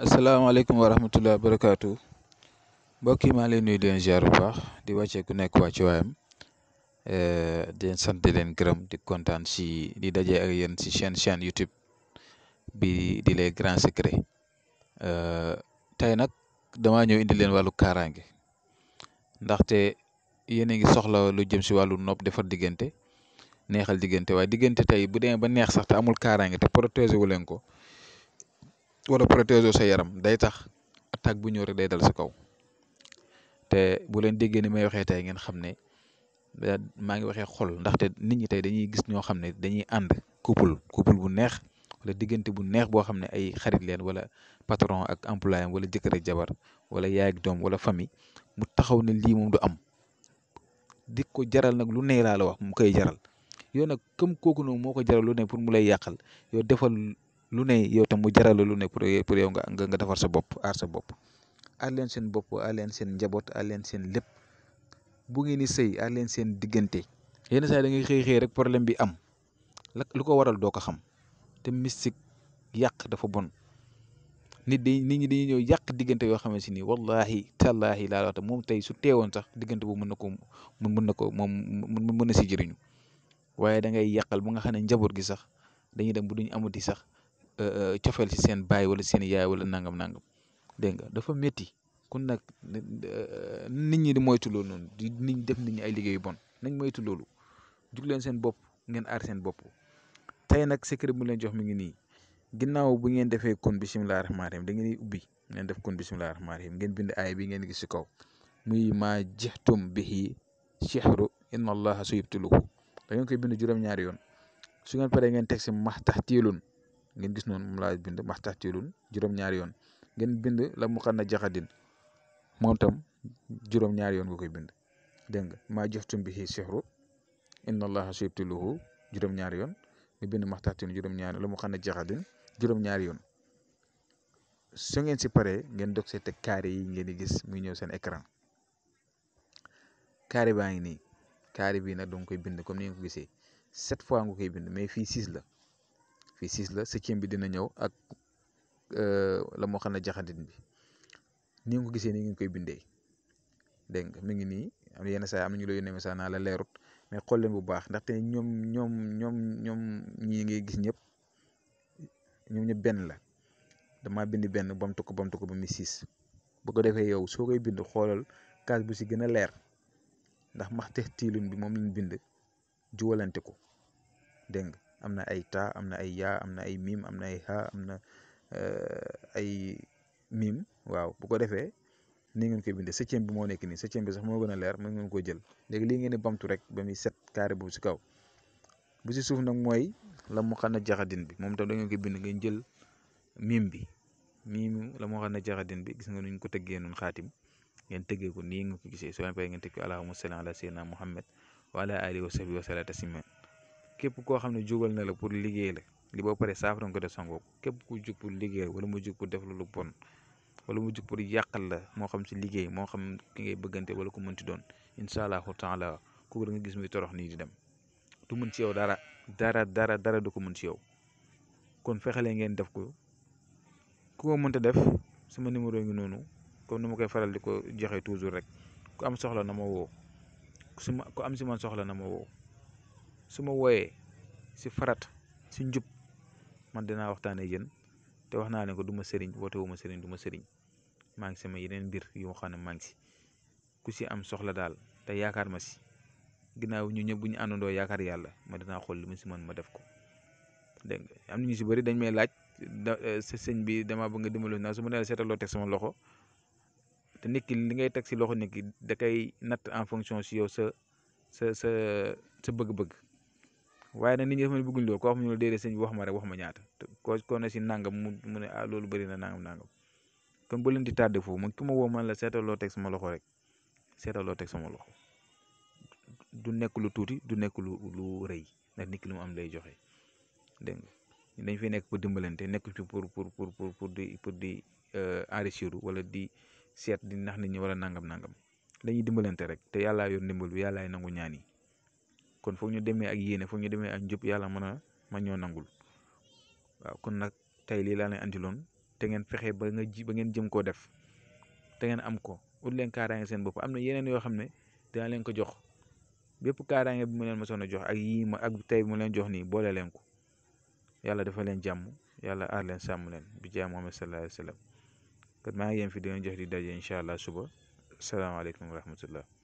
Assalamualaikum warahmatullahi wabarakatuh. barakaatu mbokk yi maa leen nuyu di leen ziar bu baax di wàccee ku nekk wàcce waayam eh, di leen sant di leen gërëm di kontaan si di daje ak yéen si chaîne chaîne YouTube bi di les grands secrets eh, tey nag damaa ñëw indi leen wàllu kaaraange ndaxte yéen a ngi soxla lu jëm si wàllu nopp defar diggante neexal diggante waaye diggante tey bu demee ba neex sax te amul kaaraange te protéger wu leen ko. wala protéger sa yaram day tax attaque bu ñëw rek day dal sa kaw te bu leen déggee ni may waxee tey ngeen xam ne maa ngi waxee xol ndaxte nit ñi tey dañuy gis ñoo xam ne dañuy ànd couple couple bu neex wala diggante bu neex boo xam ne ay xarit leen wala patron ak employé wala jëkkër ak jabar wala yaay ak doom wala famille mu taxaw ne lii moom du am di ko jaral nag lu ne laa la wax mu koy jaral yow nag comme kooku noonu moo ko jaral lu ne pour mu lay yàqal yow defal lu ne yow tam mu jaral lu ne pour pour yow nga nga defar sa bop ar sa bop ar len sen bop ar len sen njabot ar len sen lepp bu ngeen ni sey ar len sen digeunte yeen saa da ngay xey xey rek problème bi am lu ko waral do ko xam te mystique yak dafa bon nit di nit ñi dañuy ñew yak digeunte yo wallahi tallahi la wax mom tay su teewon sax digeunte bu mën ko mën ko mom mën na si jëriñu waye da ngay yakal bu nga xam njabot gi sax dañuy dem bu duñ amuti sax Euh, euh, cofeel ci seen baay wala seen yaay wala nangam nangam dégg nga dafa métti kon nag euh, nit ñi di moytu loolu noonu di nit def nit ñi ay liggéey bon nañ moytu loolu jug leen seen bopp ngeen aar seen bopp tey nag secret bu leen jox mi ngi nii ginnaaw bu ngeen defee kon bisimilah rahmaani rahiim dangeen ubbi ngeen def kon bisimilah rahmaani rahiim ngeen bind ay bi ngeen gis ci kaw muy maa jixtum bihi sihru inna allaha suyibtuluhu da ngeen koy bind juróom-ñaari yoon su ngeen paree ngeen teg si max tax tiilun ngeen gis noonu moom laa bind maxtaxtilun juróom-ñaari yoon ngeen bind la mu xam na jaxadin moo tam juróom-ñaari yoon nga koy bind dégg nga maa jëftum bi xii sixru inna allaha sibtiluhu juróom-ñaari yoon nga bind maxtaxtilun la mu xam na jaxadin juróom-ñaari yoon su ngeen si paree ngeen dog see teg yi ngeen di gis mu ñëw seen écran carré baa ngi nii carré bii nag danga koy bind comme ni nga ko gisee sept fois nga koy bind mais fii six la fi 6 la septième bi dina ñëw ak euh la mo xam ne jaxandin bi ni nga gisee ni nga koy bindé deng mi ngi ni am yene saa am ñu lay yónnee message naa la leerut mais xol leen bu baax ndax ndaxte ñom ñom ñom ñom ñi nga gis ñëpp ñom ñëpp ben la dama bind ben bam tukku bam tukku bam muy six bu ko defee yow so koy bind xolal kaas bu ci gëna a ndax maxte tiilun bi mom lañ bind juwalante ko deng amna ay ta amna ay ya amna ay mim amna ay ha amna euh ay mim waaw bu ko defé ni ngeen koy 7e bi mo nek ni 7e bi sax mo gëna a mo ngeen ko jël léegi li ngeen ni bamtu rek ba muy carré bu ci kaw bu ci suuf nak moy la mu xana jaxadin bi mom tam da ngeen koy bind ngeen jël mim bi mim la mu xana jaxadin bi gis nga nuñ ko teggé noonu khatim ngeen teggé ko ni ngeen ko gisé so ngeen fay ngeen tekk ko allahumma salli ala sayyidina muhammad wa ala alihi wa sahbihi wa sallam képp koo xam ne jógal na la pour liggéey la li boo paree saafara nga ko def sa ngoog képp ku jug pour liggéey wala mu jug pour def lu bon wala mu jug pour yàqal la moo xam si liggéey moo xam ki ngay bëggante wala ku mënti doon incha allahu taala kooku da nga gis muy torox nii di dem du mën ci yow dara dara dara dara du ko mën ci yow kon fexelee ngeen def ko ku ko mënta def sama numéro ngi noonu comme ni ma koy faral di ko joxe toujours rek ku am soxla na ma woo ku am si man soxla na ma woo su ma wooyee si farat si njub man dinaa waxtaan ak yéen te wax naa ne ko du ma sëriñ woote wu ma sëriñ du ma sëriñ maa ngi sama yeneen mbir yu ma xam ne maa ngi si ku si am soxla daal te yaakaar ma si ginnaaw ñu ñëpp bu ñu àndandoo yaakaar yàlla ma dinaa xool li mu si mën ma def ko dégg nga am na ñu si bëri dañ may laaj da eh, sëñ bi dama bëgg nga dimbali naa su ma nee la seetaloo teg sama loxo te nit ki li ngay teg si loxo nit ki da kay natt en fonction si yow sa sa sa sa bëgg-bëgg. waaye nag nit ñi dafa bëgguñ loolu koo xam ñu la déedéet sëñ bi wax ma rek wax ma ñaata ko ko ne si nangam mu ne a ah, loolu bëri na nangam nangam kon ba leen di tardé foofu man ki ma woo man la seetaloo teg sama loxo rek seetaloo teg sama loxo du nekk lu tuuti du nekk lu lu rëy ndax nit ki lu mu am lay joxe dégg nga dañ fi nekk pour dimbalante nekk ci pour pour pour pour di pour di euh, enrichir wala di seet di nax nit ñi wala nangam nangam dañuy dimbalante rek te yàllaa yor ndimbal yàlla yàllaay nangu ñaan yi kon foog ñu demee ak yéene foog ñu demee ak njub yàlla mën a ma ñoo nangul waaw kon nag tey lii laa leen andiloon te ngeen fexe ba nga ji ba ngeen jëm koo def te ngeen am ko ut leen kaaraange seen bopp am na yeneen yoo xam ne dinaa leen ko jox bépp kaaraange bi mu leen mosoon a jox ak yii ma ak tey mu leen jox nii boole leen ko yàlla dafa leen jàmm yàlla aar leen sàmm leen bi jaay Muhammad sallallahu alayhi wa sallam maa ngi fi dinañ jox di daje incha allah suba salaamaaleykum wa rahmatullah